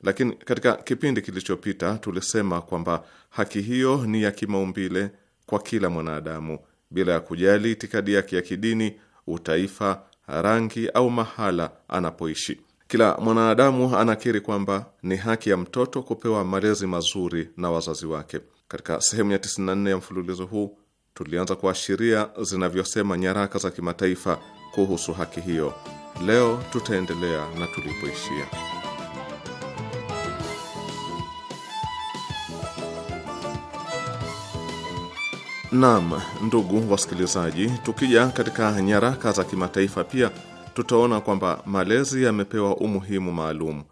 lakini katika kipindi kilichopita tulisema kwamba haki hiyo ni ya kimaumbile kwa kila mwanadamu bila ya kujali itikadi yake ya kidini, utaifa, rangi au mahala anapoishi. Kila mwanadamu anakiri kwamba ni haki ya mtoto kupewa malezi mazuri na wazazi wake. Katika sehemu ya 94 ya mfululizo huu tulianza kuashiria zinavyosema nyaraka za kimataifa kuhusu haki hiyo. Leo tutaendelea na tulipoishia. Naam, ndugu wasikilizaji, tukija katika nyaraka za kimataifa pia tutaona kwamba malezi yamepewa umuhimu maalum.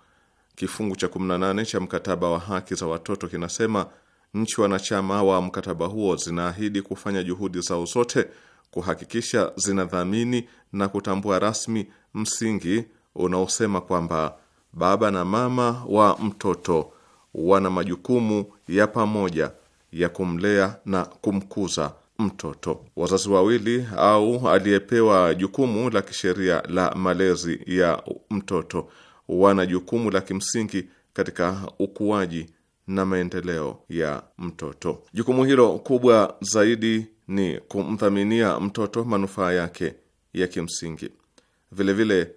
Kifungu cha 18 cha mkataba wa haki za watoto kinasema nchi wanachama wa mkataba huo zinaahidi kufanya juhudi zao zote kuhakikisha zinadhamini na kutambua rasmi msingi unaosema kwamba baba na mama wa mtoto wana majukumu ya pamoja ya kumlea na kumkuza mtoto. Wazazi wawili au aliyepewa jukumu la kisheria la malezi ya mtoto wana jukumu la kimsingi katika ukuaji na maendeleo ya mtoto. Jukumu hilo kubwa zaidi ni kumdhaminia mtoto manufaa yake ya kimsingi. Vilevile vile,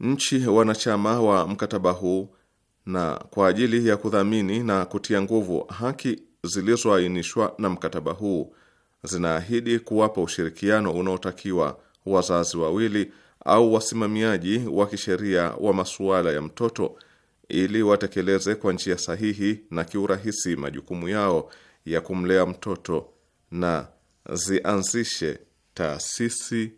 nchi wanachama wa mkataba huu na kwa ajili ya kudhamini na kutia nguvu haki zilizoainishwa na mkataba huu zinaahidi kuwapa ushirikiano unaotakiwa wazazi wawili au wasimamiaji wa kisheria wa masuala ya mtoto ili watekeleze kwa njia sahihi na kiurahisi majukumu yao ya kumlea mtoto na zianzishe taasisi,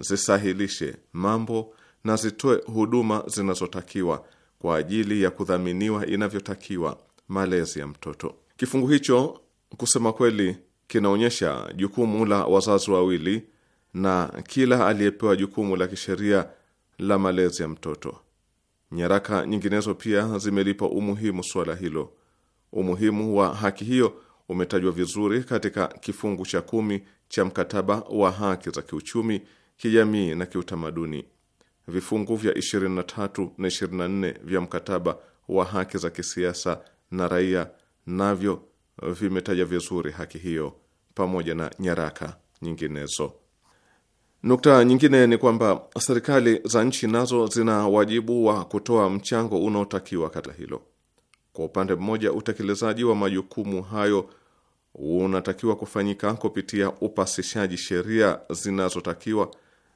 zisahilishe mambo na zitoe huduma zinazotakiwa kwa ajili ya kudhaminiwa inavyotakiwa malezi ya mtoto. Kifungu hicho kusema kweli kinaonyesha jukumu la wazazi wawili na kila aliyepewa jukumu la kisheria la malezi ya mtoto. Nyaraka nyinginezo pia zimelipa umuhimu suala hilo. Umuhimu wa haki hiyo umetajwa vizuri katika kifungu cha kumi cha mkataba wa haki za kiuchumi, kijamii na kiutamaduni. Vifungu vya 23 na 24 vya mkataba wa haki za kisiasa na raia navyo vimetaja vizuri haki hiyo pamoja na nyaraka nyinginezo. Nukta nyingine ni kwamba serikali za nchi nazo zina wajibu wa kutoa mchango unaotakiwa katika hilo. Kwa upande mmoja, utekelezaji wa majukumu hayo unatakiwa kufanyika kupitia upasishaji sheria zinazotakiwa,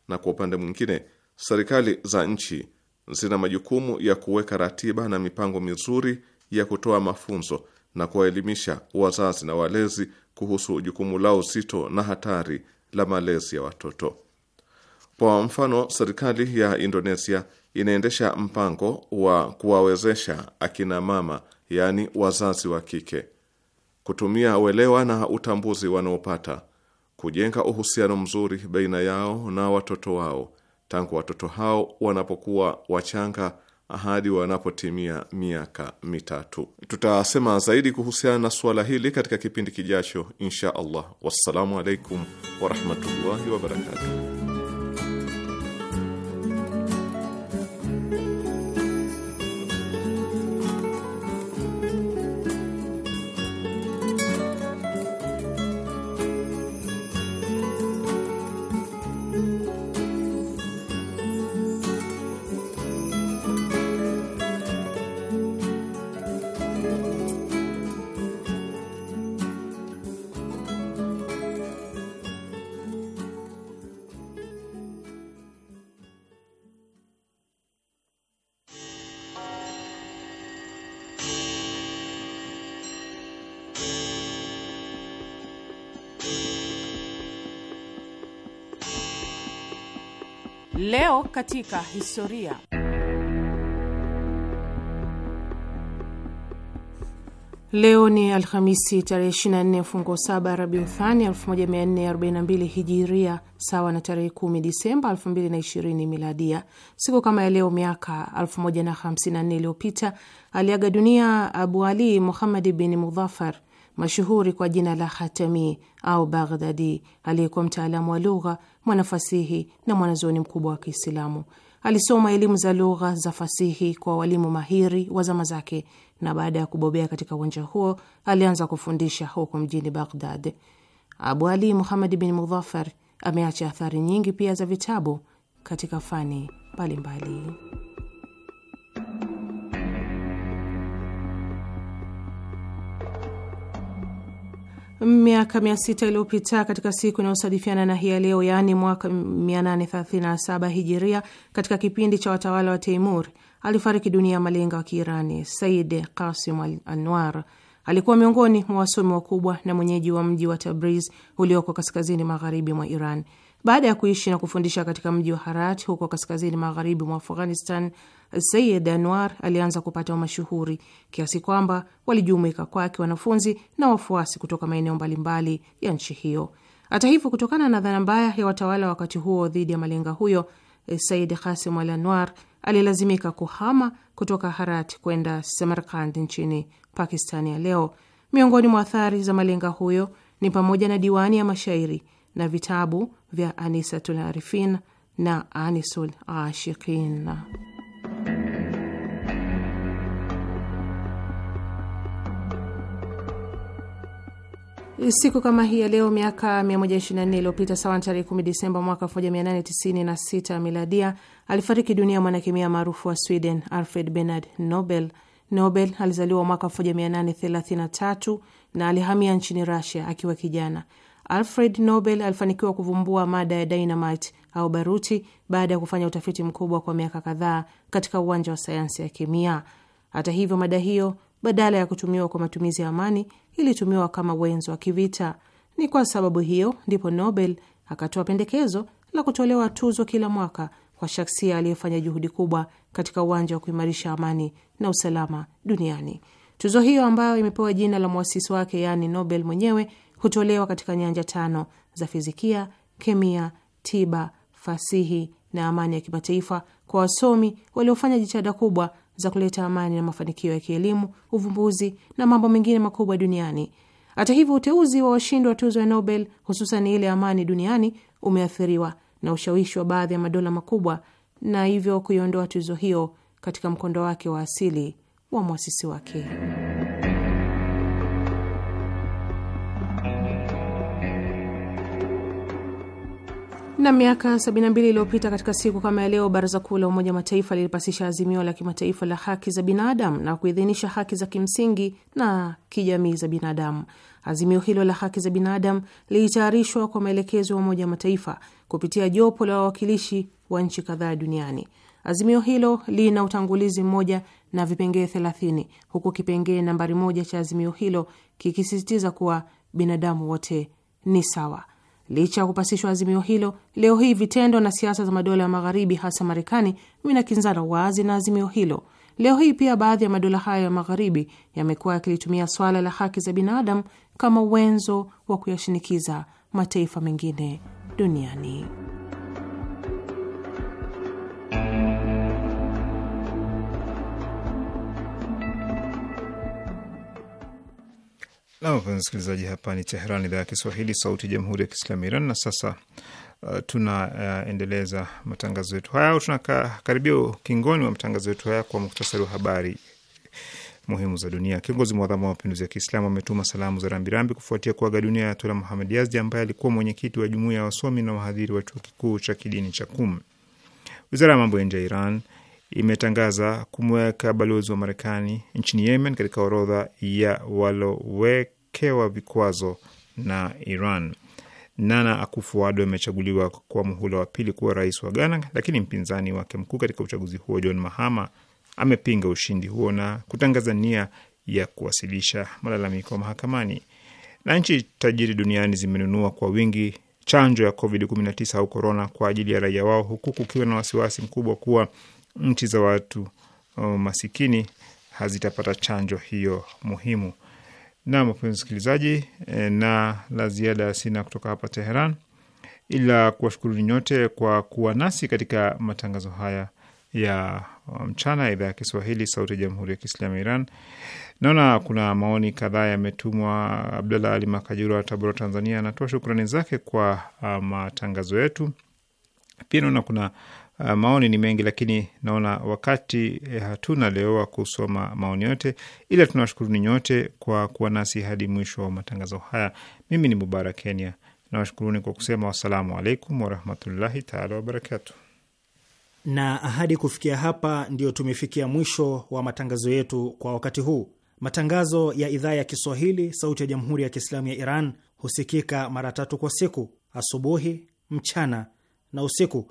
na kwa upande mwingine, serikali za nchi zina majukumu ya kuweka ratiba na mipango mizuri ya kutoa mafunzo na kuwaelimisha wazazi na walezi kuhusu jukumu lao zito na hatari la malezi ya watoto. Kwa mfano, serikali ya Indonesia inaendesha mpango wa kuwawezesha akina mama, yaani wazazi wa kike, kutumia uelewa na utambuzi wanaopata kujenga uhusiano mzuri baina yao na watoto wao tangu watoto hao wanapokuwa wachanga hadi wanapotimia miaka mitatu. Tutasema zaidi kuhusiana na suala hili katika kipindi kijacho, insha Allah. Wassalamu alaikum warahmatullahi wabarakatuh. katika historia. Leo ni Alhamisi tarehe 24 mfungo saba Rabiuthani 1442 hijiria sawa na tarehe 10 Disemba 2020 miladia. Siku kama ya leo miaka 1054 iliyopita aliaga dunia Abu Ali muhamadi bin Mudhafar mashuhuri kwa jina la Hatami au Baghdadi, aliyekuwa mtaalamu wa lugha, mwanafasihi na mwanazuoni mkubwa wa Kiislamu. Alisoma elimu za lugha za fasihi kwa walimu mahiri wa zama zake, na baada ya kubobea katika uwanja huo alianza kufundisha huko mjini Baghdad. Abu Ali Muhammad bin Mudhafar ameacha athari nyingi pia za vitabu katika fani mbalimbali. miaka mia sita iliyopita katika siku inayosadifiana na hii ya leo, yaani mwaka 837 hijiria, katika kipindi cha watawala wa Teimur alifariki dunia ya malenga wa Kiirani Said Kasim al Anwar. Alikuwa miongoni mwa wasomi wakubwa na mwenyeji wa mji wa Tabriz ulioko kaskazini magharibi mwa Iran. Baada ya kuishi na kufundisha katika mji wa Harat huko kaskazini magharibi mwa Afghanistan, Sayid Anwar alianza kupata mashuhuri kiasi kwamba walijumuika kwake wanafunzi na wafuasi kutoka maeneo mbalimbali ya nchi hiyo. Hata hivyo, kutokana na dhana mbaya ya watawala wakati huo dhidi ya malenga huyo, Sayid Hasim Al Anwar alilazimika kuhama kutoka Harat kwenda Samarkand nchini Pakistani ya leo. Miongoni mwa athari za malenga huyo ni pamoja na diwani ya mashairi na vitabu vya Anisatul Arifin na Anisul Ashikin. Siku kama hii ya leo miaka 124 iliyopita, sawa na tarehe 10 Disemba mwaka 1896 miladia, alifariki dunia mwanakemia maarufu wa Sweden Alfred Bernard Nobel. Nobel alizaliwa mwaka 1833 na alihamia nchini Russia akiwa kijana. Alfred Nobel alifanikiwa kuvumbua mada ya dynamite au baruti baada ya kufanya utafiti mkubwa kwa miaka kadhaa katika uwanja wa sayansi ya kemia. Hata hivyo, mada hiyo badala ya kutumiwa kwa matumizi ya amani ilitumiwa kama wenzo wa kivita. Ni kwa sababu hiyo ndipo Nobel akatoa pendekezo la kutolewa tuzo kila mwaka kwa shaksia aliyefanya juhudi kubwa katika uwanja wa kuimarisha amani na usalama duniani. Tuzo hiyo ambayo imepewa jina la mwasisi wake, yaani Nobel mwenyewe, hutolewa katika nyanja tano za fizikia, kemia, tiba, fasihi na amani ya kimataifa kwa wasomi waliofanya jitihada kubwa za kuleta amani na mafanikio ya kielimu, uvumbuzi na mambo mengine makubwa duniani. Hata hivyo, uteuzi wa washindi wa tuzo ya Nobel, hususan ile amani duniani, umeathiriwa na ushawishi wa baadhi ya madola makubwa na hivyo kuiondoa tuzo hiyo katika mkondo wake wa asili wa mwasisi wake. Na miaka 72 iliyopita katika siku kama ya leo, baraza kuu la Umoja Mataifa lilipasisha azimio la kimataifa la haki za binadamu na kuidhinisha haki za kimsingi na kijamii za binadamu. Azimio hilo la haki za binadamu lilitayarishwa kwa maelekezo ya Umoja Mataifa kupitia jopo la wawakilishi wa nchi kadhaa duniani. Azimio hilo lina utangulizi mmoja na vipengee thelathini huku kipengee nambari moja cha azimio hilo kikisisitiza kuwa binadamu wote ni sawa. Licha ya kupasishwa azimio hilo, leo hii vitendo na siasa za madola ya Magharibi, hasa Marekani, vinakinzana wazi na azimio hilo. Leo hii pia baadhi ya madola hayo ya Magharibi yamekuwa yakilitumia swala la haki za binadamu kama wenzo wa kuyashinikiza mataifa mengine duniani. Nam mpenzi msikilizaji, hapa ni Teheran, idhaa ya Kiswahili, sauti ya jamhuri ya kiislamu Iran. Na sasa uh, tunaendeleza uh, matangazo yetu haya au tunakaribia ukingoni wa matangazo yetu haya kwa muktasari wa habari muhimu za dunia. Kiongozi mwadhamu wa mapinduzi ya Kiislamu ametuma salamu za rambirambi kufuatia kuaga dunia ya Tola Muhamed Yazdi ambaye alikuwa mwenyekiti wa jumuiya ya wasomi na wahadhiri wa chuo kikuu cha kidini cha Kum. Wizara ya mambo ya nje ya Iran imetangaza kumweka balozi wa Marekani nchini Yemen katika orodha ya walowek kuwekewa vikwazo na Iran. Nana Akufo-Addo amechaguliwa kwa muhula wa pili kuwa rais wa Ghana, lakini mpinzani wake mkuu katika uchaguzi huo John Mahama amepinga ushindi huo na kutangaza nia ya kuwasilisha malalamiko mahakamani. Na nchi tajiri duniani zimenunua kwa wingi chanjo ya COVID-19 au korona kwa ajili ya raia wao, huku kukiwa na wasiwasi mkubwa kuwa nchi za watu uh, masikini hazitapata chanjo hiyo muhimu na mapenzi msikilizaji, e, na la ziada sina kutoka hapa Teheran ila kuwashukuruni nyote kwa kuwa nasi katika matangazo haya ya uh, mchana ya idhaa ya Kiswahili sauti ya jamhuri ya kiislamu ya Iran. Naona kuna maoni kadhaa yametumwa. Abdallah Ali Makajura wa Tabora, Tanzania anatoa shukrani zake kwa uh, matangazo yetu. Pia naona kuna Uh, maoni ni mengi, lakini naona wakati eh, hatuna leo wa kusoma maoni yote, ila tunawashukuruni nyote kwa kuwa nasi hadi mwisho wa matangazo haya. Mimi ni Mubarak Kenya, nawashukuruni kwa kusema wassalamu alaikum warahmatullahi taala wabarakatu. Na ahadi kufikia hapa, ndio tumefikia mwisho wa matangazo yetu kwa wakati huu. Matangazo ya idhaa ya Kiswahili sauti ya jamhuri ya Kiislamu ya Iran husikika mara tatu kwa siku: asubuhi, mchana na usiku